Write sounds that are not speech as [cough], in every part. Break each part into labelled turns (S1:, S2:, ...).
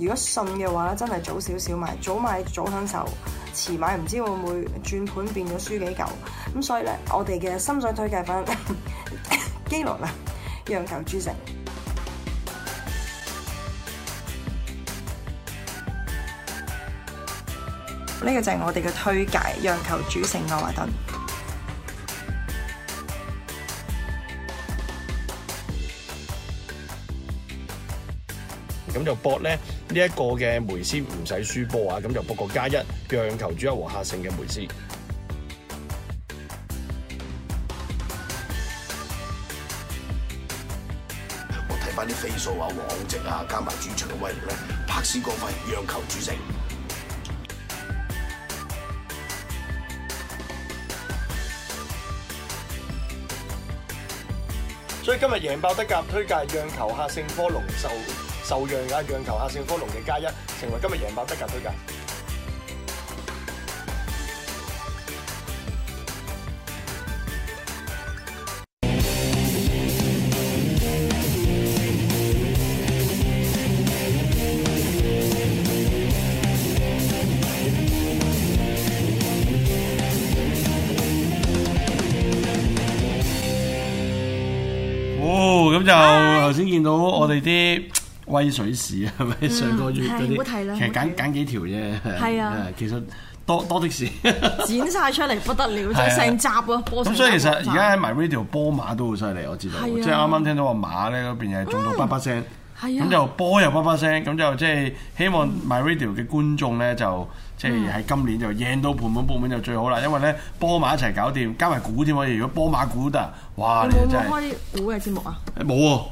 S1: 如果信嘅話咧，真係早少少買，早買早享受，遲買唔知會唔會轉盤變咗輸幾嚿。咁所以咧，我哋嘅心水推介翻 [laughs] 基羅啦，讓球主城。呢 [music] 個就係我哋嘅推介，讓球主城牛華頓。
S2: 咁就搏咧呢一個嘅梅斯唔使輸波啊！咁就搏個加一讓球主一和客勝嘅梅斯。我睇翻啲飛數啊、往績啊，加埋主場嘅威力咧，
S1: 拍死過分讓球主勝。
S2: 所以今日贏爆德甲推介讓球客勝科隆就。就讓呀讓球客勝科隆嘅加一成為今日贏百得價推介。哦，咁就頭先見到我哋啲。威水史，啊，係咪上個月嗰啲？其實揀揀幾條啫。係啊，其實多多的士
S1: 剪晒出嚟不得了，就成集咯。咁所以其實而家喺
S2: My Radio 波馬都好犀利，我知道。即係啱啱聽到個馬咧嗰邊又中到叭叭聲，咁就波又叭叭聲，咁就即係希望 My Radio 嘅觀眾咧就即係喺今年就贏到盤滿缽滿就最好啦。因為咧波馬一齊搞掂，加埋股添啊！如果波馬股得，哇！你有冇開股嘅
S1: 節
S2: 目啊？冇喎。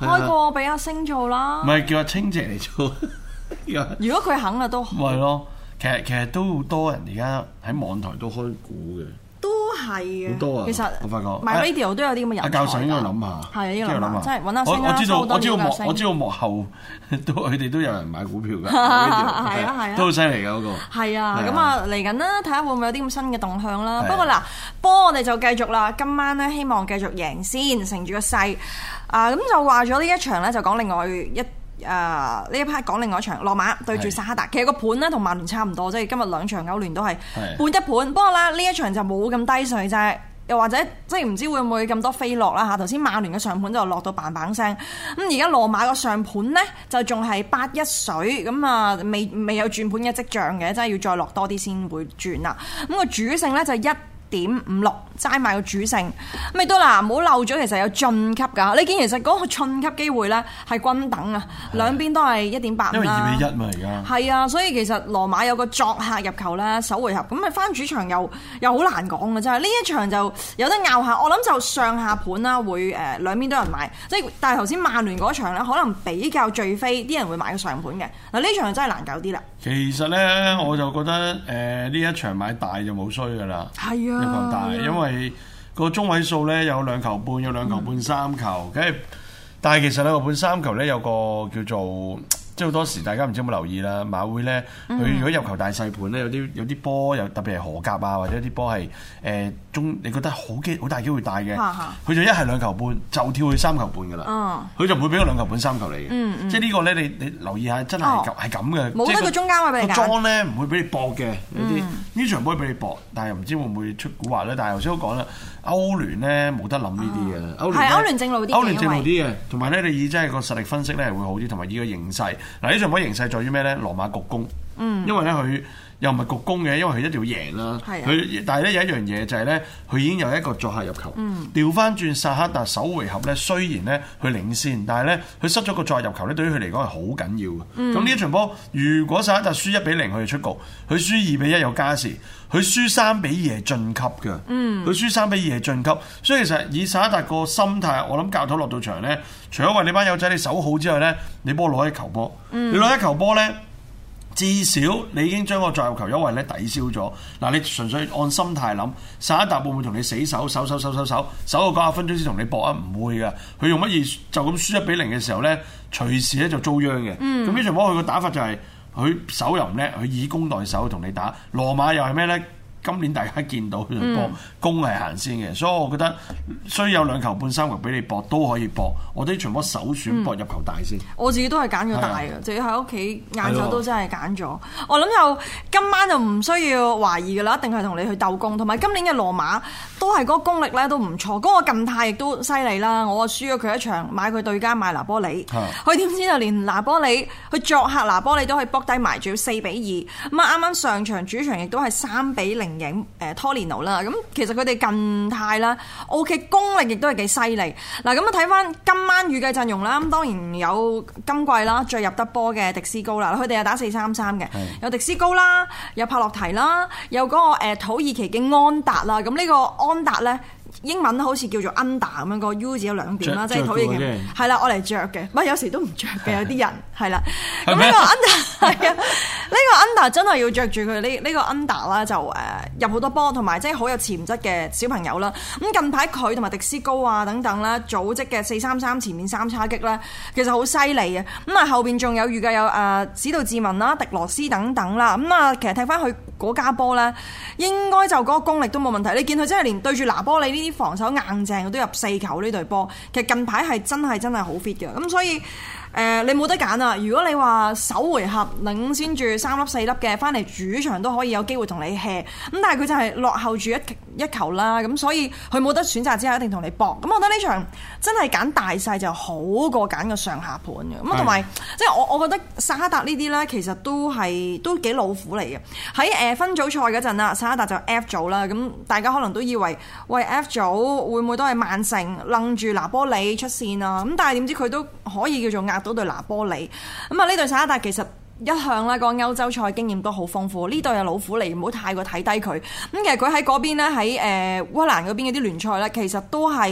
S2: 開個
S1: 俾阿星做啦，
S2: 唔係叫阿清姐嚟做。 [laughs] 的如果佢肯啊都，咪咯。其實其實都好多人而家喺網台都開股嘅。係啊，其實我發覺 My Radio
S1: 都有啲咁嘅人教授應該
S2: 諗下，係呢個難，真係揾下聲啦。我我知道，我知道幕，我知道幕後都佢哋都有人買股票㗎，係啊係啊，都好犀利㗎嗰個。係啊，咁啊
S1: 嚟緊啦，睇下會唔會有啲咁新嘅動向啦。不過嗱，波我哋就繼續啦，今晚咧希望繼續贏先，乘住個勢啊！咁就話咗呢一場咧，就講另外一。啊！呢、uh, 一 part 講另外一場羅馬對住沙哈達，是的 其實個盤呢，同曼聯差唔多，即係今日兩場歐聯都係半一盤。不過啦，呢一場就冇咁低水，就又或者即係唔知會唔會咁多飛落啦嚇。頭先曼聯嘅上盤就落到棒棒聲，咁而家羅馬嘅上盤呢，就仲係八一水，咁啊未未有轉盤嘅跡象嘅，真係要再落多啲先會轉啦。咁個主勝呢，就一。點五六齋買個主勝，咪都啦！唔好漏咗，其實有進級噶。你見其實嗰個進級機會咧係均等啊，的兩邊都係一點八五，因為二比一
S2: 嘛，而家
S1: 係啊，所以其實羅馬有個作客入球咧，首回合咁咪翻主場又又好難講㗎。真係呢一場就有得拗下，我諗就上下盤啦，會誒兩邊都有人買。即係但係頭先曼聯嗰場咧，可能比較最飛，啲人會買個上盤嘅嗱。呢場真係難搞啲啦。
S2: 其實呢，我就覺得誒呢、呃、一場買大就冇衰噶啦，入球、啊、大，啊、因為個中位數呢有兩球半，有兩球半三球。嗯、但係其實兩球半三球呢，有個叫做。即係好多時，大家唔知有冇留意啦，馬會咧，佢如果入球大細盤咧，有啲有啲波，又特別係荷甲啊，或者啲波係誒中，你覺得好機好大機會大嘅，佢、啊啊、就一係兩球半就跳去三球半噶啦，佢、啊、就唔會俾個兩球半三球嚟嘅，嗯嗯、即係呢個咧，你你留意下，真係係咁嘅，冇得、哦那個、個中間位俾你揀。個莊咧唔會俾你搏嘅，呢啲呢場波唔俾你搏，但係又唔知會唔會出古惑咧。但係頭先都講啦。歐聯咧冇得諗呢啲嘅，係歐聯正路啲，歐聯正路啲嘅，同埋咧你以真係個實力分析咧會好啲，同埋依個形勢。嗱，呢場波形勢在於咩咧？羅馬局攻，
S1: 嗯、因為咧
S2: 佢。又唔係局攻嘅，因為佢一定要贏啦。佢的但係咧有一樣嘢就係、是、咧，佢已經有一個作客入球。調翻轉薩克達首回合咧，雖然咧佢領先，但係咧佢失咗個作客入球咧，對於佢嚟講係好緊要嘅。咁呢一場波，如果薩克達輸一比零，佢就出局；佢輸二比一有加時；佢輸三比二係晉級嘅。佢、嗯、輸三比二係晉級，所以其實以薩克達個心態，我諗教頭落到場咧，除咗為你班友仔你守好之外咧，你幫我攞一球波。嗯、你攞一球波咧。至少你已經將個作入球優惠咧抵消咗。嗱，你純粹按心態諗，散一大會唔會同你死守守守守，守守守守守守守到九十分鐘先同你搏啊，唔會㗎。佢用乜嘢就咁輸一比零嘅時候咧，隨時咧就遭殃嘅。咁呢場波佢個打法就係、是、佢守又唔叻，佢以攻代守同你打。羅馬又係咩咧？今年大家見到佢就博攻係行先嘅，嗯、所以我覺得需有兩球半三球俾你搏都可以搏，我哋場波首選搏入球大先。嗯、
S1: 我自己都係揀咗大嘅，的自己喺屋企晏晝都真係揀咗。的我諗又今晚就唔需要懷疑嘅啦，一定係同你去鬥攻。同埋今年嘅羅馬都係嗰個攻力咧都唔錯，嗰、那個近態亦都犀利啦。我輸咗佢一場，買佢對家買拿波里，佢點的知就連拿波里去作客拿波里都可以搏低埋仲要四比二。咁啊，啱啱上場主場亦都係三比零。影誒托列奴啦，咁其實佢哋近態啦，OK 功力亦都係幾犀利。嗱咁啊，睇翻今晚預計陣容啦，咁當然有今季啦最入得波嘅迪斯高啦，佢哋又打四三三嘅，是有迪斯高啦，有帕洛提啦，有嗰個誒土耳其嘅安達啦。咁呢個安達咧，英文好似叫做 under 咁樣，個 U 字有兩點啦，即係著土耳其係啦，我嚟着嘅，不過有時都唔着嘅有啲人係啦。咁呢個 under 係啊。 [laughs] [laughs] 呢個 under 真係要着住佢呢？呢、呢個 under 啦就誒入好多波，同埋真係好有潛質嘅小朋友啦。咁近排佢同埋迪斯高啊等等啦，組織嘅四三三前面三叉戟咧，其實好犀利啊！咁啊後邊仲有預計有誒、呃、史杜志文啦、迪羅斯等等啦。咁啊，其實睇返佢嗰家波呢，應該就嗰個功力都冇問題。你見佢真係連對住拿波里呢啲防守硬淨，都入四球呢隊波。其實近排係真係真係好 fit 嘅。咁所以。誒、呃，你冇得揀啊！如果你話首回合領先住三粒四粒嘅，翻嚟主場都可以有機會同你吃。咁但係佢就係落後住一一球啦，咁所以佢冇得選擇之下一定同你搏。咁我覺得呢場真係揀大細就好過揀個上下盤嘅。咁同埋即係我我覺得沙特呢啲呢，其實都係都幾老虎嚟嘅。喺誒分組賽嗰陣啦，沙特就 F 組啦，咁大家可能都以為喂 F 組會唔會都係曼城楞住拿波里出線啊？咁但係點知佢都可以叫做壓。到對拿波里，咁啊呢對沙克達，其實一向咧個歐洲賽經驗都好豐富。呢、mm hmm. 對嘅老虎嚟，唔好太過睇低佢。咁其實佢喺嗰邊咧，喺誒烏克蘭嗰邊嗰啲聯賽咧，其實都係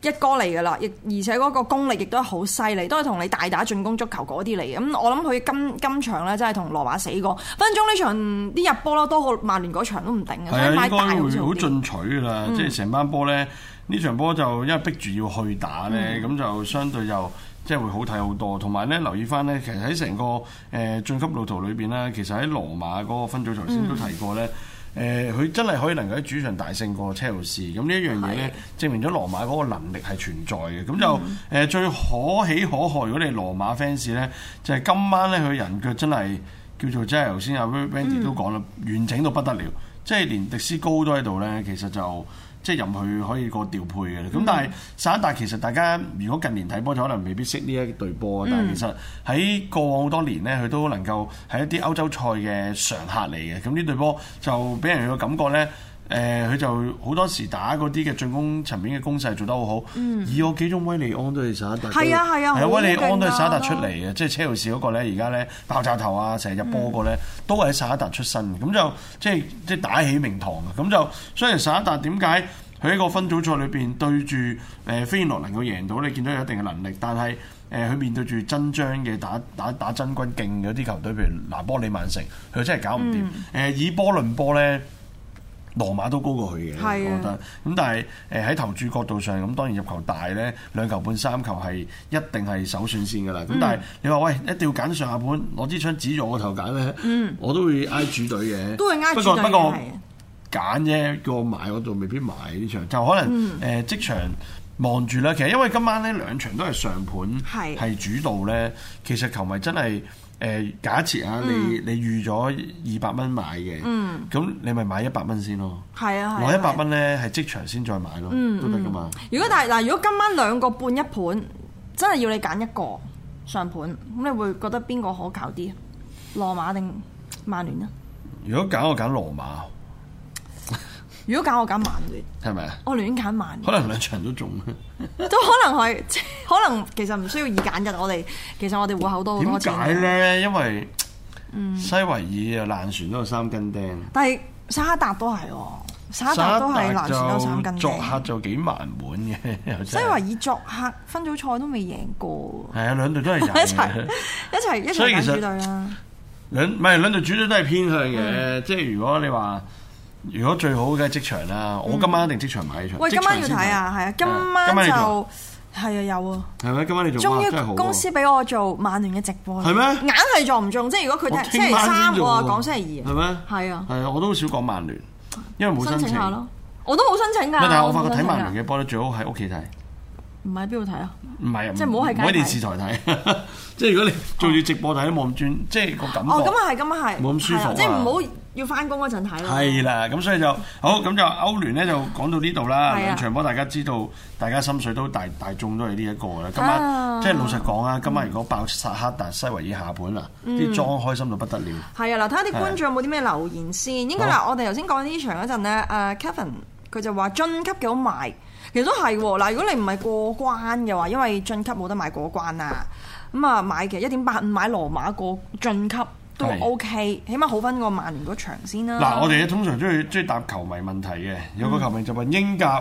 S1: 一哥嚟噶啦，亦而且嗰個功力亦都好犀利，都係同你大打進攻足球嗰啲嚟嘅。咁我諗佢今今場咧，真係同羅馬死過分鐘呢場啲入波咧，多過曼聯嗰場都唔定嘅。係啊的，哥好進
S2: 取噶啦，嗯、即係成班波咧，呢場波就因為逼住要去打咧，咁就相對又。即係會好睇好多，同埋咧留意翻咧，其實喺成個誒、呃、晉級路途裏邊咧，其實喺羅馬嗰個分組頭先、嗯、都提過咧，誒、呃、佢真係可以能夠喺主場大勝過車路士，咁呢一樣嘢咧證明咗羅馬嗰個能力係存在嘅。咁就誒、嗯呃、最可喜可賀，如果你羅馬 fans 咧，就係、是、今晚咧佢人腳真係叫做即係頭先阿 Wendy 都講啦，嗯、完整到不得了，即係連迪斯高都喺度咧，其實就。即係入去可以個調配嘅，咁、嗯、但係省大，其實大家如果近年睇波，就可能未必識呢一隊波，嗯、但係其實喺過往好多年呢，佢都能夠係一啲歐洲賽嘅常客嚟嘅。咁呢隊波就俾人嘅感覺呢。誒佢、嗯、就好多時打嗰啲嘅進攻層面嘅攻勢做得好好，以我幾種威利安都係沙達，係啊係啊，係、啊、威利安都係沙達出嚟嘅，嗯、即係車路士嗰個咧，而家咧爆炸頭啊，成日入波個咧，都係喺沙達出身嘅，咁、嗯、就即係即係打起名堂嘅，咁就所以沙達點解佢喺個分組賽裏邊對住誒飛燕諾能夠贏到，你見到有一定嘅能力，但係誒佢面對住真章嘅打打打真軍勁嗰啲球隊，譬如拿波里曼城，佢真係搞唔掂。誒、嗯、以波論波咧。呢呢羅馬都高過佢嘅，是的 我覺得。咁但係誒喺投注角度上，咁當然入球大咧，兩球半三球係一定係首選先㗎啦。咁、嗯、但係你話喂，一定要揀上下盤，攞支槍指住我頭揀咧，嗯、我都會挨主隊嘅。都係挨主隊不過是的 不過揀啫，叫我買我就未必買呢場，就可能誒、嗯呃、即場望住啦。其實因為今晚呢兩場都係上盤係的主導咧，其實球迷真係。誒，假設啊，你你預咗二百蚊買嘅，咁、嗯、你咪買一百蚊先咯。
S1: 係啊，買一百
S2: 蚊咧係即場先再買咯，嗯、都得噶
S1: 嘛。如果但係嗱，如果今晚兩個半一盤，真係要你揀一個上盤，咁你會覺得邊個可靠啲？羅馬定曼聯啊？
S2: 如果揀我揀羅馬。
S1: 如果揀我揀曼聯，係咪啊？我亂揀曼聯，可
S2: 能兩場都中，
S1: 都可能係，可能其實唔需要二揀一。我哋其實我哋戶口都點解咧？因為西
S2: 維爾又爛船都有三根釘，嗯、
S1: 但係沙特都係，沙特都係爛船都有三根釘。作客
S2: 就幾難滿嘅， [laughs] 西維
S1: 爾作客分組賽都未贏過，
S2: 係啊、哎，兩隊都係 [laughs] 一齊起
S1: [laughs] 一齊一齊揀主隊啦，所以其實
S2: 兩唔係兩隊主隊、啊、都係偏向嘅，嗯、即係如果你話。如果最好嘅係即場啦，我今晚一定即場買場。喂，今晚要睇啊，
S1: 係啊，今晚就係啊，有啊。
S2: 係咪？今晚你做終於公司
S1: 俾我做曼聯嘅直播。係咩？硬係做唔中，即係如果佢星期三喎，講星期二。係
S2: 咩？係啊。係啊，我都好少講曼聯，因為冇心情
S1: 咯。我都好申請㗎。但係我發覺睇曼聯
S2: 嘅波咧，最好喺屋企睇。唔喺邊度睇啊？唔係啊，即係唔好喺電視台睇。即係如果你做住直播睇，冇咁專，即係個感覺。哦，咁啊係，
S1: 咁啊係，冇咁舒服即係唔好要翻工嗰陣睇咯。係
S2: 啦，咁所以就好，咁就歐聯咧就講到呢度啦。兩場波大家知道，大家心水都大，大眾都係呢一個啦。今晚即係老實講啊，今晚如果爆薩克達西維爾下盤啦，啲莊開心到不得了。係
S1: 啊，嗱，睇下啲觀眾有冇啲咩留言先。應該嗱，我哋頭先講呢場嗰陣咧，誒 Kevin 佢就話晉級幾好賣。其實都係嗱，如果你唔係過關嘅話，因為晉級冇得買過關啊。咁啊買嘅一點八五，買羅馬過晉級都 OK，是起碼好翻過曼聯嗰場先啦。嗱，我哋
S2: 通常中意中意答球迷問題嘅，有個球迷就問英甲，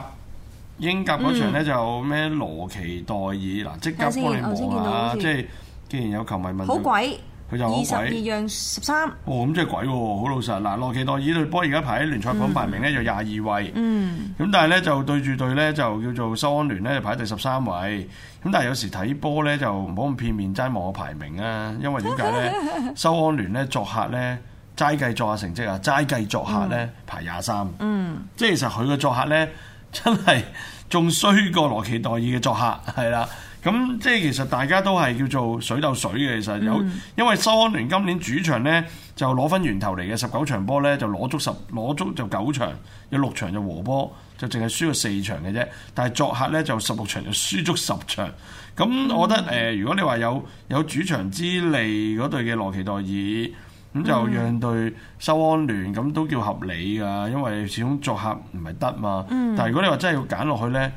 S2: 嗯、英甲嗰場咧就咩羅奇代爾嗱，嗯、即刻幫你望啦，看看即係既然有球迷問題，好鬼。
S1: 佢就好鬼，二十二樣十三。
S2: 哦，咁即係鬼喎、啊，好老實。嗱，羅奇代爾隊波而家排喺聯賽榜排名咧就廿二位。
S1: 嗯。
S2: 咁但係咧就對住隊咧就叫做修安聯咧排第十三位。咁但係有時睇波咧就唔好咁片面齋望我排名啊，因為點解咧？修 [laughs] 安聯咧作客咧齋計作客成績啊，齋計作客咧排廿三。嗯。嗯。即係其實佢嘅作客咧真係仲衰過羅奇代爾嘅作客，係啦。咁即係其實大家都係叫做水鬥水嘅，其實有，因為修安聯今年主場呢，就攞分源頭嚟嘅，十九場波呢，就攞足十攞足就九場，有六場就和波，就淨係輸咗四場嘅啫。但係作客呢，就十六場就輸足十場。咁我覺得誒、嗯呃，如果你話有有主場之利嗰隊嘅羅奇代爾，咁就讓對修安聯，咁都叫合理㗎，因為始終作客唔係得嘛。但係如果你話真係要揀落去呢。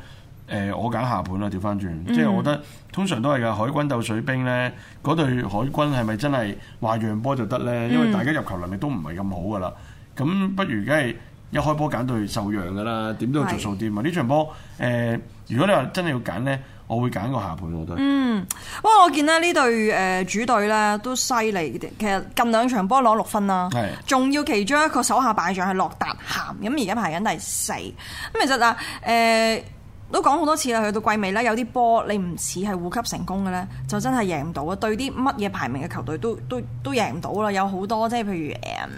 S2: 誒、呃，我揀下盤啦，調翻轉，即係我覺得通常都係噶海軍鬥水兵咧，嗰隊海軍係咪真係話讓波就得咧？因為大家入球能力都唔係咁好噶啦，咁、嗯、不如梗係一開波揀對受讓噶啦，點都要着數啲嘛。呢是場波誒、呃，如果你話真係要揀咧，我會揀個下盤我覺得。嗯，
S1: 不過我見咧呢隊誒、呃、主隊咧都犀利，其實近兩場波攞六分啦，仲是要其中一個手下敗將係洛達咸，咁而家排緊第四。咁其實啊誒。呃呃呃都講好多次啦，去到季尾啦，有啲波你唔似係護級成功嘅咧，就真係贏唔到啊！對啲乜嘢排名嘅球隊都都都贏唔到啦，有好多即係譬如誒。呃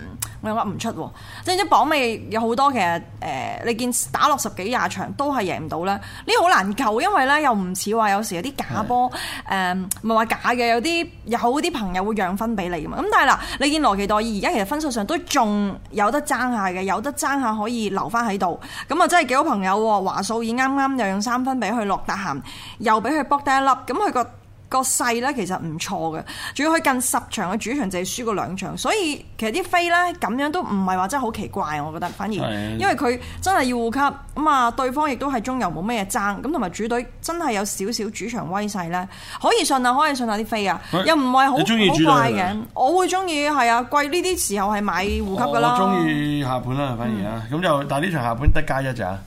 S1: 我諗唔出喎，即係啲榜尾有好多其實，誒、呃，你見打落十幾廿場都係贏唔到咧，呢個好難救，因為咧又唔似話有時有啲假波，誒是的、呃，唔係話假嘅，有啲有啲朋友會讓分俾你嘅嘛。咁但係嗱，你見羅奇代爾而家其實分數上都仲有得爭下嘅，有得爭下可以留翻喺度，咁啊真係幾好朋友喎。華素爾啱啱又用三分俾佢落達咸，又俾佢卜低一粒，咁佢個個勢咧其實唔錯嘅，仲要佢近十場嘅主場淨係輸過兩場，所以其實啲飛咧咁樣都唔係話真係好奇怪，我覺得反而，因為佢真係要護級，咁啊對方亦都係中游冇咩嘢爭，咁同埋主隊真係有少少主場威勢咧，可以信下、啊，可以信下啲飛啊，啊喂又唔係好中意嘅，我會中意係啊，貴呢啲時候係買護級噶啦，中意、
S2: 哦、下盤啦反而啊，咁就、嗯、但係呢場下盤得加一咋。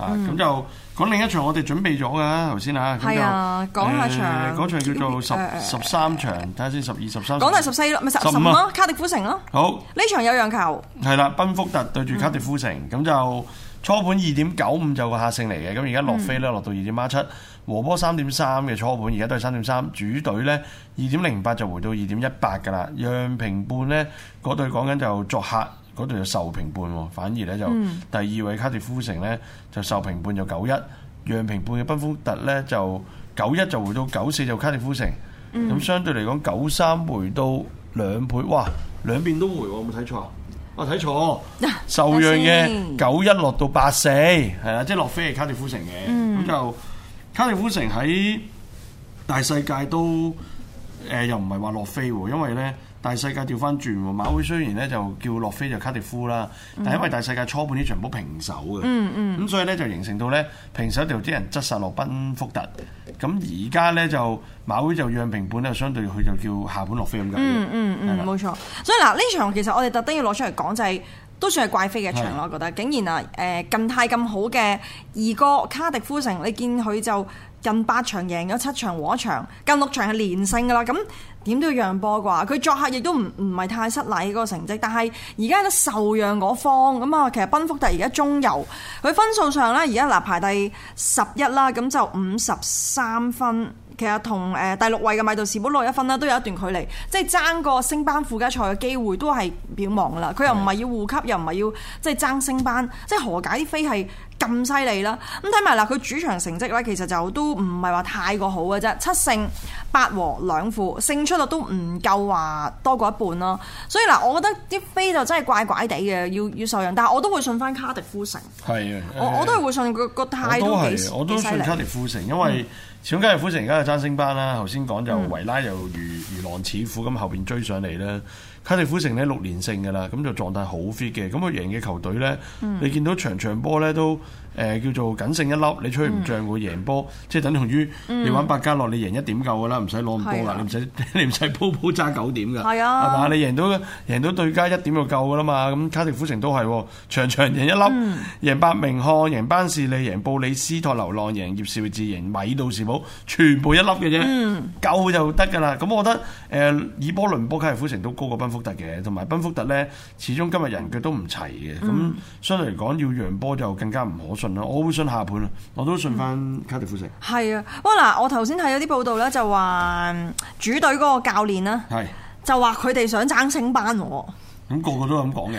S2: 咁就講另一場，我哋準備咗噶頭先啊，咁就誒嗰場叫做十十三場，睇下先十二十三。講係
S1: 十四咪十五咯，卡迪夫城咯。好，呢場有讓球。
S2: 係啦，賓福特對住卡迪夫城，咁就初盤二點九五就個客勝嚟嘅，咁而家落飛咧落到二點八七，和波三點三嘅初盤，而家都係三點三，主隊咧二點零八就回到二點一八噶啦，讓平半咧嗰隊講緊就作客。嗰度就受平半喎，反而咧就、嗯、第二位卡迪夫城咧就受平半，就91，平半，就九一，讓平半嘅賓福特咧就九一就回到九四就卡迪夫城，咁、嗯、相對嚟講九三回到兩倍，哇，兩邊都回，冇睇錯，我睇錯受讓嘅九一落到八四， [laughs] 係啦，即係落飛係卡迪夫城嘅，咁、嗯、就卡迪夫城喺大世界都誒、呃、又唔係話落飛喎，因為咧。大世界掉翻轉，馬會雖然咧就叫落飛，就卡迪夫啦，但因為大世界初半啲場冇平手嘅，咁、嗯嗯、所以咧就形成到咧平手就啲人執實落賓福特，咁而家咧就馬會就讓平半咧，相對佢就叫下盤落飛咁解、嗯。
S1: 嗯嗯嗯，冇吧錯。所以嗱，呢場其實我哋特登要攞出嚟講就係、是、都算係怪飛嘅場咯，是的 我覺得竟然啊誒、呃、近態咁好嘅二哥卡迪夫城，你見佢就，近八場贏咗七場和一場，近六場係連勝㗎啦，咁點都要讓波啩？佢作客亦都唔唔係太失禮嗰個成績，但係而家都受讓嗰方咁啊，其實賓福特而家中游，佢分數上呢，而家嗱排第十一啦，咁就五十三分。其實同誒第六位嘅米杜士堡攞一分啦，都有一段距離，即係爭個升班附加賽嘅機會都係渺茫啦。佢又唔係要護級，又唔係要即係爭升班，即係何解啲飛係咁犀利啦？咁睇埋嗱，佢主場成績咧，其實就都唔係話太過好嘅啫，七勝八和兩負，勝出率都唔夠話多過一半啦。所以嗱，我覺得啲飛就真係怪怪地嘅，要要受讓。但係我都會信返卡迪夫城。
S2: 係啊，我我都係
S1: 會信個個態度幾幾犀利。我都係，我都信卡迪
S2: 夫城，因為。嗯始終卡迪夫城而家係爭升班啦，頭先講就維拉又如如狼似虎咁後邊追上嚟咧。卡迪夫城呢六連勝嘅啦，咁就狀態好 fit 嘅。咁佢贏嘅球隊咧，嗯、你見到場場波咧都。誒叫做僅勝一粒，你吹唔漲會贏波，嗯、即係等同於你玩百家樂，你贏一點夠㗎啦，唔使攞咁多啦，嗯、你唔使、嗯、 [laughs] 你唔使鋪鋪揸九點㗎，係啊、嗯，係嘛？你贏到贏到對家一點就夠㗎啦嘛，咁卡迪夫城都係、哦、場場贏一粒，嗯、贏伯明翰、贏班士利、贏布里斯托流浪、贏葉少智、贏米杜士堡，全部一粒嘅啫，嗯、夠就得㗎啦。咁我覺得誒、呃、以波論波，卡迪夫城都高過賓福特嘅，同埋賓福特咧，始終今日人腳都唔齊嘅，咁相對嚟講要讓波就更加唔可信。嗯我會信下盤啊！我都信翻卡迪夫城。
S1: 係啊，哇嗱！我頭先睇有啲報道咧，就話主隊嗰個教練啦，係。就話佢哋想爭升班喎。
S2: 咁個個都咁講嘅。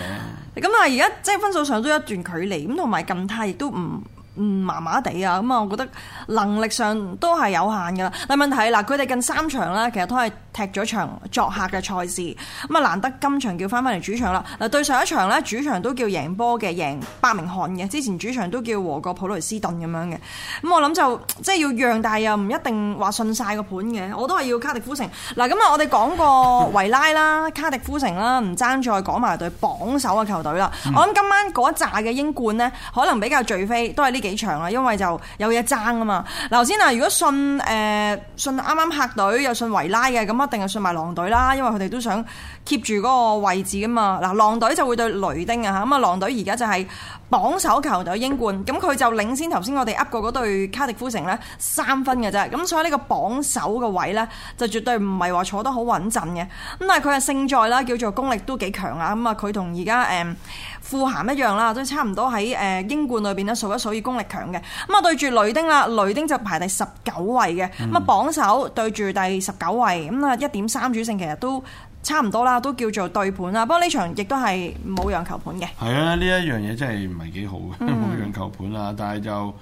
S1: 咁啊，而家即係分數上都一段距離，咁同埋近態亦都唔唔麻麻地啊！咁啊，我覺得能力上都係有限噶啦。但係問題嗱，佢哋近三場咧，其實都係，踢咗場作客嘅賽事，咁啊難得今場叫翻翻嚟主場啦。嗱，對上一場呢，主場都叫贏波嘅，贏伯明翰嘅。之前主場都叫和過普雷斯頓咁樣嘅。咁我諗就即係要讓，大又唔一定話信晒個盤嘅。我都係要卡迪夫城。嗱，咁啊我哋講過維拉啦、卡迪夫城啦，唔爭再講埋對榜首嘅球隊啦。 [laughs] 我諗今晚嗰一紮嘅英冠呢，可能比較聚飛，都係呢幾場啦，因為就有嘢爭啊嘛。嗱，頭先啊，如果信誒、呃、信啱啱客隊又信維拉嘅，咁啊。定係信埋狼隊啦，因為佢哋都想 keep 住嗰個位置㗎嘛。嗱，狼隊就會對雷丁啊吓，咁啊狼隊而家就係榜首球隊英冠，咁佢就領先頭先我哋噏過嗰對卡迪夫城呢，三分嘅啫。咁所以呢個榜首嘅位呢，就絕對唔係話坐得好穩陣嘅。咁但係佢嘅勝在啦，叫做功力都幾強啊。咁啊，佢同而家誒富咸一樣啦，都差唔多喺誒英冠裏邊咧數一數二，功力強嘅。咁啊對住雷丁啦，雷丁就排第十九位嘅，咁啊、嗯、榜首對住第十九位咁一點三主勝其實都差唔多啦，都叫做對盤啦。不過呢場亦都係冇讓球盤
S2: 嘅。係啊，呢一樣嘢真係唔係幾好嘅，冇、嗯、讓球盤啊。但係就誒呢、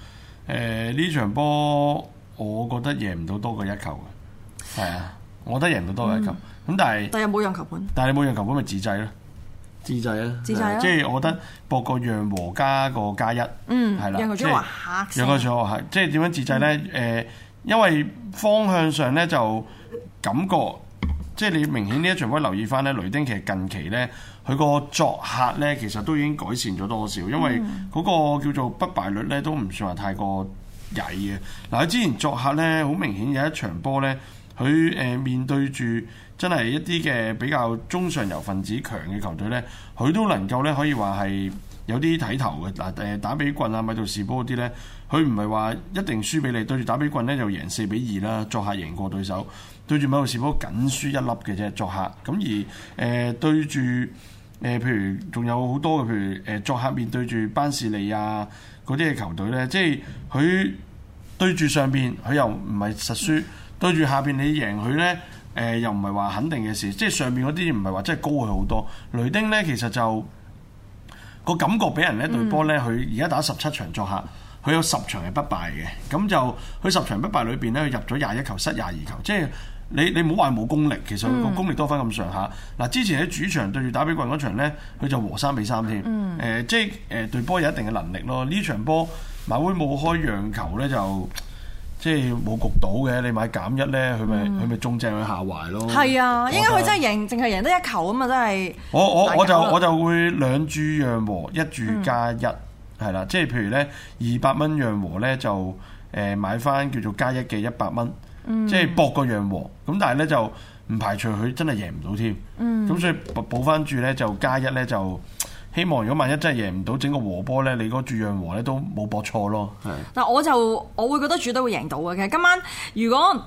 S2: 呃、場波，我覺得贏唔到多過一球嘅。係啊，我覺得贏唔到多過一球。咁、嗯、但係是但係冇讓球盤。但係你冇讓球盤咪自製咯？自製啊！自製啊！即係、啊啊就是、我覺得博個讓和加個加一。嗯，係啦、啊。
S1: 讓球精
S2: 華，讓係。即係點樣自製咧？誒、呃，因為方向上咧就。感覺即係你明顯呢，一場波留意翻呢，雷丁其實近期呢，佢個作客呢，其實都已經改善咗多少，因為嗰個叫做不敗率呢，都唔算話太過曳嘅嗱。啊、佢之前作客呢，好明顯有一場波呢，佢誒、呃、面對住真係一啲嘅比較中上游份子強嘅球隊呢，佢都能夠呢，可以話係有啲睇頭嘅嗱。誒打、打比郡啊，米杜士堡啲呢，佢唔係話一定輸俾你，對住打比郡呢，就贏四比二啦，作客贏過對手。對住馬路士波僅輸一粒嘅啫，作客。咁而誒、呃、對住誒、呃，譬如仲有好多嘅，譬如誒、呃、作客面對住班士利啊嗰啲嘅球隊咧，即係佢對住上邊佢又唔係實輸，嗯、對住下邊你贏佢咧誒又唔係話肯定嘅事。即係上邊嗰啲唔係話真係高佢好多。雷丁咧其實就、嗰個感覺俾人咧、嗯、對波咧，佢而家打十七場作客，佢有十場係不敗嘅。咁就佢十場不敗裏邊咧，佢入咗廿一球，失廿二球，即係。即你你唔好話冇功力，其實佢個功力多翻咁上下。嗱，嗯、之前喺主場對住打比郡嗰場咧，佢就和三比三添。誒，即係誒，對波有一定嘅能力咯。呢場波馬會冇開讓球咧，就即係冇焗到嘅。你買減一咧，佢咪佢咪中正去下懷咯。係啊，就因為佢真係
S1: 贏，淨係贏得一球啊嘛，真係。我我大狗 我就我就，我
S2: 就會兩注讓和一注加一，係啦。即係譬如咧，二百蚊讓和咧就誒買翻叫做加一嘅一百蚊。嗯、即係博個讓和，咁但係咧就唔排除佢真係贏唔到添，咁、嗯、所以補翻住咧就加一咧就希望如果萬一真係贏唔到，整個和波咧，你嗰注讓和咧都冇博錯咯。是的
S1: 但我就我會覺得主隊會贏到嘅，今晚如果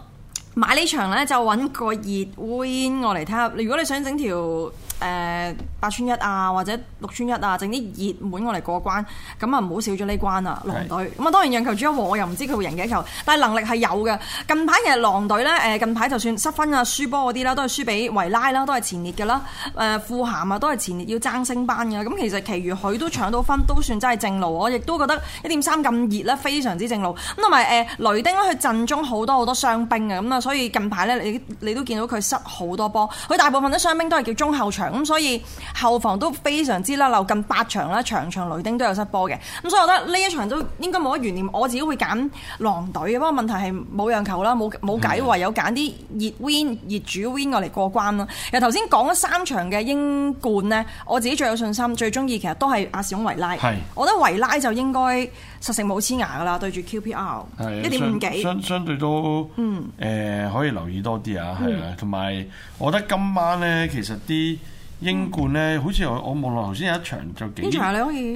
S1: 買呢場咧就搵個熱 win 我嚟睇下，如果你想整條。誒、呃、八村一啊，或者六串一啊，整啲熱門我嚟過關，咁啊唔好少咗呢關啊狼隊，咁啊的當然讓球主一和，我又唔知佢會贏幾球，但係能力係有嘅。近排其實狼隊呢，誒近排就算失分啊、輸波嗰啲啦，都係輸俾維拉啦，都係前列嘅啦。誒富咸啊，都係前列要爭升班嘅啦。咁其實其餘佢都搶到分，都算真係正路。我亦都覺得一點三咁熱呢，非常之正路。咁同埋誒雷丁咧，佢陣中好多好多傷兵嘅，咁啊所以近排呢，你你都見到佢失好多波，佢大部分啲傷兵都係叫中後場。咁所以後防都非常之甩漏，近八場啦，場場雷丁都有失波嘅。咁所以我覺得呢一場都應該冇乜懸念，我自己會揀狼隊嘅。不過問題係冇讓球啦，冇冇計，唯有揀啲熱 win 熱主 win 我嚟過關啦。其實頭先講咗三場嘅英冠呢，我自己最有信心、最中意，其實都係阿士東維拉。係是，我覺得維拉就應該實食冇黐牙㗎喇，對住 Q P R 一點五幾相
S2: 相對都嗯誒、呃、可以留意多啲啊，係啊。同埋、嗯、我覺得今晚呢，其實啲英冠咧，好似我我望落頭先有一場就幾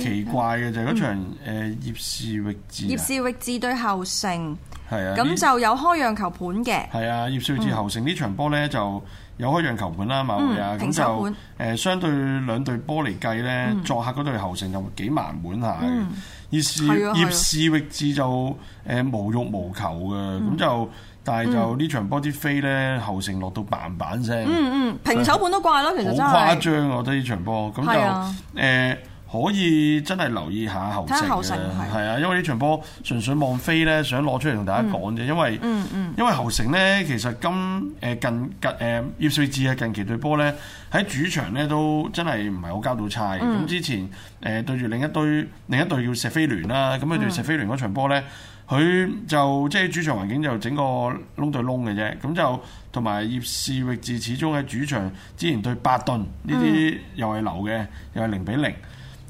S2: 奇怪嘅，就係嗰場誒葉士域治葉士
S1: 域治對侯城。
S2: 係啊，咁就
S1: 有開讓球盤嘅。
S2: 係啊，葉士域治侯城呢場波咧就有開讓球盤啦，馬會啊，咁就誒相對兩隊波嚟計咧，作客嗰隊侯城就幾難滿下嘅。葉士葉士域治就誒無欲無求嘅，咁就。但係就場呢場波啲飛咧，嗯、後成落到板板聲。嗯嗯，平手盤
S1: 都怪咯，以其實真係好誇
S2: 張啊，我覺得呢場波咁就誒。是啊呃可以真係留意下侯城啊，啊的，的因為呢場波純粹望飛咧，想攞出嚟同大家講啫。嗯、因為、嗯、因為侯城咧，其實今誒近近誒、呃、葉士域治啊，近期對波咧喺主場咧都真係唔係好交到差咁、嗯、之前誒對住另一堆另一隊叫錫菲聯啦，咁佢、嗯、對錫菲聯嗰場波咧，佢就即係主場環境就整個窿對窿嘅啫。咁就同埋葉士域治始終喺主場之前對八頓呢啲又係流嘅，又係零比零。0.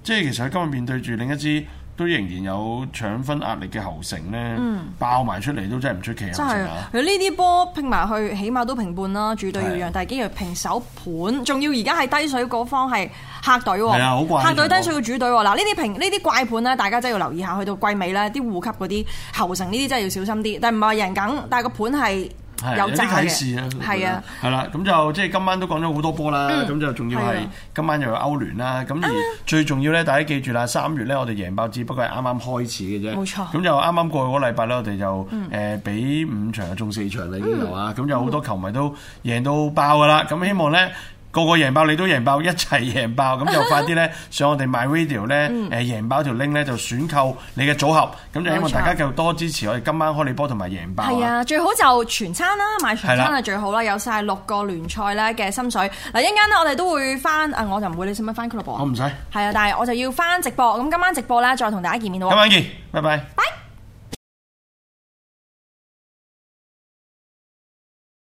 S2: 即係其實喺今日面對住另一支都仍然有搶分壓力嘅後城咧，嗯、爆埋出嚟都真係唔出奇嚇。佢
S1: 呢啲波拼埋去，起碼都平半啦，主隊要讓，是的 但係竟然平手盤，仲要而家係低水嗰方係客隊喎。啊，好怪！客隊低水要主隊嗱，呢啲平呢啲怪盤咧，大家真係要留意下，去到季尾咧，啲護級嗰啲後城呢啲真係要小心啲。但係唔係話贏梗，但係個盤係。係有啲啟示
S2: 啊，係啊，係啦，咁就即係今晚都講咗好多波啦，咁就仲要係今晚又有歐聯啦，咁而最重要咧，大家記住啦，三月咧我哋贏爆，只不過係啱啱開始嘅啫，冇錯。咁就啱啱過去嗰個禮拜咧，我哋就誒畀五場就中四場啦，已經係咁就好多球迷都贏到爆噶啦，咁希望咧。個個贏爆，你都贏爆，一齊贏爆，咁 [laughs] 就快啲咧！上我哋 MyRadio 咧，誒、嗯呃、贏爆條 link 咧，就選購你嘅組合，咁、嗯、就希望大家繼續多支持我哋今晚開你波同埋贏爆。係啊，
S1: 最好就全餐啦，買全餐係最好啦，是的 有晒六個聯賽咧嘅心水。嗱，一陣間咧我哋都會翻，誒、呃、我就唔會,會，你想唔想翻 club 我唔使。係啊，但係我就要翻直播，咁今晚直播咧再同大家見面喎。好今晚見，
S2: 拜拜。拜。